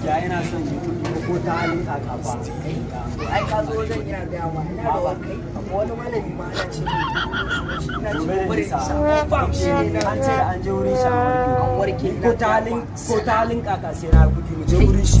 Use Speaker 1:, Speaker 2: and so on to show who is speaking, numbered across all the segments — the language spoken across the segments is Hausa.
Speaker 1: gaskiya yana son yi ko ta halin kaka ba ai ka zo wajen yana da yawa ina da wakai wani malami ma ce ce ba shi ne an ce an je wurin shi an warke ko ta ko ta kaka sai na gudu je wurin shi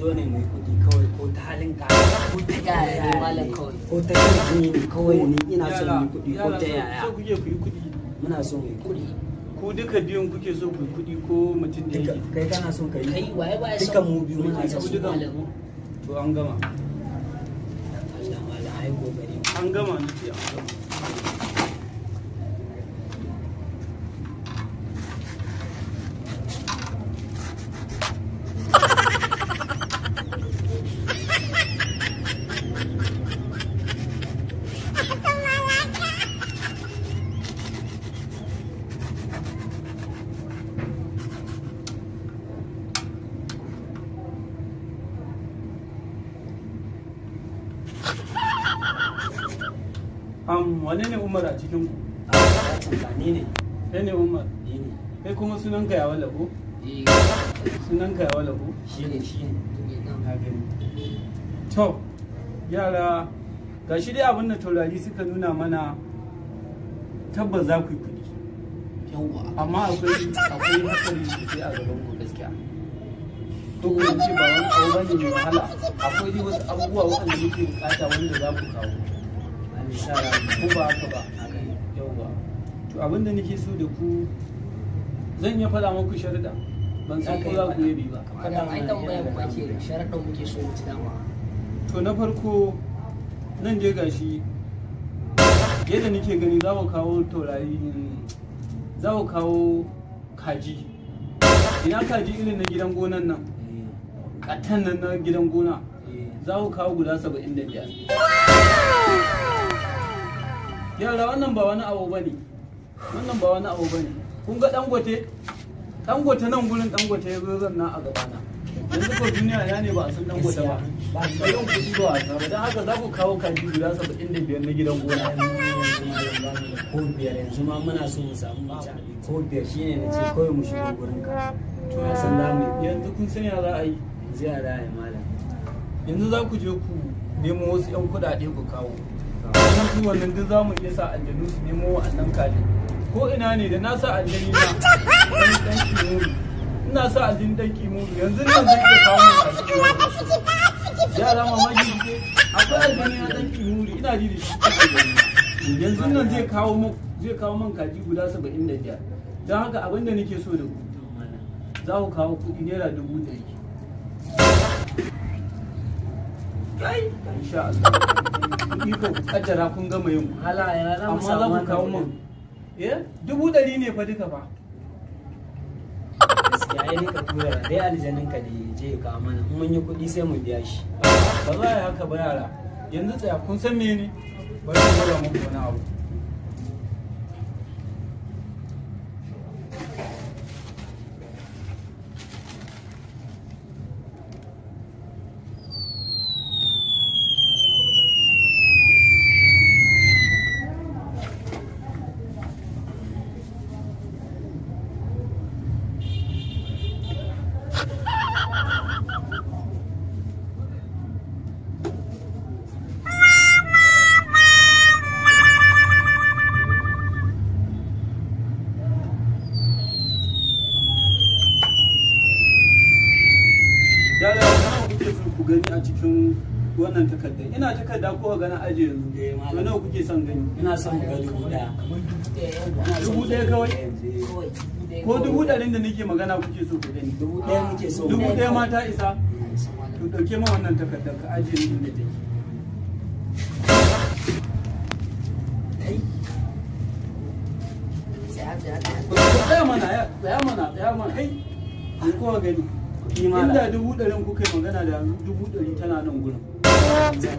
Speaker 1: zo ne mai kuɗi kawai ko ta halin ka ko ta yaya kawai ko ta yaya ne kawai ni ina son mai kuɗi ko ta yaya so kuke ku yi muna so mai kuɗi ku duka biyun kuke so ku yi kuɗi ko mutum da yake kai kana so kai kai waye waye duka mu biyu muna so su malamu to an gama an gama an gama am wane ne umar a cikin ku ni ne kai ne umar ni ne kai kuma sunan ka ya wala ko eh. sunan ka ya wala ko shi ne shi ne to yara ga shi dai abin da taurari suka nuna mana tabbas za ku yi kuɗi amma akwai akwai hatsari sosai a gaban ku gaskiya to ku ce ba wani abu bane mai wahala akwai wasu abubuwa waɗanda muke bukata wanda za ku kawo mai ko ba haka ba yauwa to abin da nake so da ku zan iya faɗa muku sharuɗa ban san ko za ku yabi ba kada ai tambayar ku ake sharuɗan muke so mu ci dama to na farko nan je gashi yadda nake gani za mu kawo taurari za mu kawo kaji ina kaji irin na gidan gonan nan eh. katan nan na gidan gona eh. za ku kawo guda saba'in da biyar yara wannan ba wani abu bane wannan ba wani abu bane kun ga dangote dangote nan gurin dangote ya zo zanna a gabana yanzu ko duniya ya ne ba a san dangote ba ba a yi ku ba a ba don haka za ku kawo kaji guda saba'in da biyar na gidan gona ko biyar yanzu ma muna so mu samu mace ko biyar shine na ce kawai mu shiga gurin ka to ya san zamu yanzu kun san ya za a yi yanzu ya za a yi malam yanzu za ku je ku nemo wasu 'yan kuɗaɗe ku kawo wannan wannan duk za mu iya sa aljanu su nemo wa'annan kajin ko ina ne da na sa aljani na wani dan kimuru ina sa aljani dan kimuru yanzu nan zai iya kawo mun kaji yara mamaki ke akwai aljani na dan kimuru ina ji da shi yanzu nan zai kawo mun zai kawo man kaji guda saba'in da 75 don haka abin da nake so da ku za ku kawo kuɗi naira dubu ɗari kai insha Allah iko kaddara kun gama yin hala ya za mu samu amma kawo mun eh dubu ɗari ne fa duka fa gaskiya ya ka tura dai aljanin ka da je kawo mana mun yi kuɗi sai mu biya shi ba za a yi haka ba yara yanzu tsaya kun san me ne bari mu gwada muku wani abu wannan takardar ina takarda ko ga na aje yanzu eh, to nawa kuke son gani ina son ga dubu daya dubu daya kawai ko dubu ɗarin da nake magana kuke so ku gani dubu daya muke so dubu daya ma ta isa to dauke ma wannan takardar ka aje ni inda take Ya mana, ya mana, ya mana, kai, an kowa gani. inda dubu ɗari kuka yi magana da dubu ɗari tana nan gurin don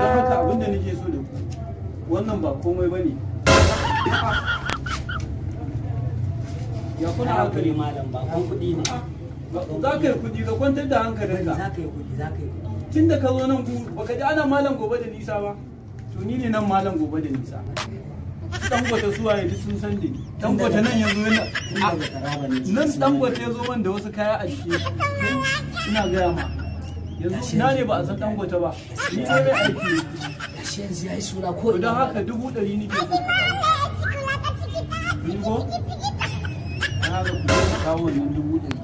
Speaker 1: haka abinda nake so da ku wannan ba komai ba ne ya kuna hankali malam ba kun kuɗi ne za ka yi kuɗi ka kwantar da hankalinka za ka yi kuɗi za ka yi kuɗi tun da ka zo nan ku baka ji ana malam gobe da nisa ba to ni ne nan malam gobe da nisa dangote zuwa duk sun san ne dangote nan ya yanzu yana nan dangote ya zo man da wasu kaya a jiki ina gaya ma yanzu ina ne ba a san dangote ba ni ne mai aiki gashi yanzu yayi sura ko don haka dubu ɗari ni nake so ni ko na ga ku kawo wannan dubu ɗari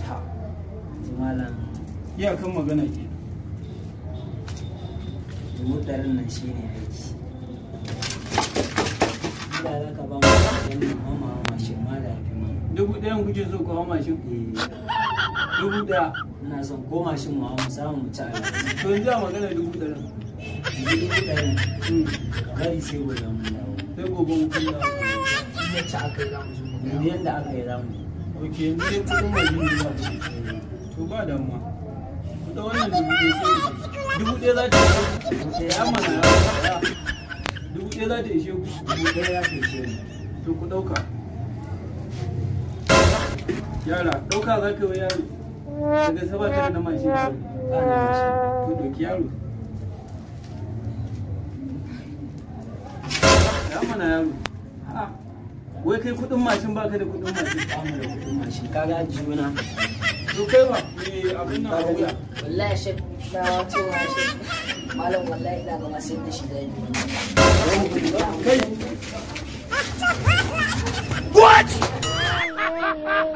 Speaker 1: ta malam iyakan magana ke dubu ɗarin nan shine ai da za mashin ma dubu ɗayan kuke so mashin eh. dubu ɗaya ina son ko mashin mu hau mu mu ci to yanzu a magana dubu ɗarin dubu ɗarin hmm. bari sai gobe mu dawo sai gobe mu ya ci aka yi zamu shi mu yanda aka yi zamu ok yanzu dai kuɗin mashin ne ba to ba damuwa ku wannan dubu ɗaya dubu ɗaya za ta yi dubu ɗaya amma na ɗaya za ta ishe ku ɗaya za ta ishe to ku ɗauka yara ɗauka za ka yi yaro daga saba tara na mashin da to doki yaro ya mana yaro a'a wai kai kudin mashin ba ka da kudin mashin ba mu da kudin mashin kaga juna to kai ba eh abin nan ba wuya wallahi shi da wato mashin malam wallahi da ga mashin da shi da yi what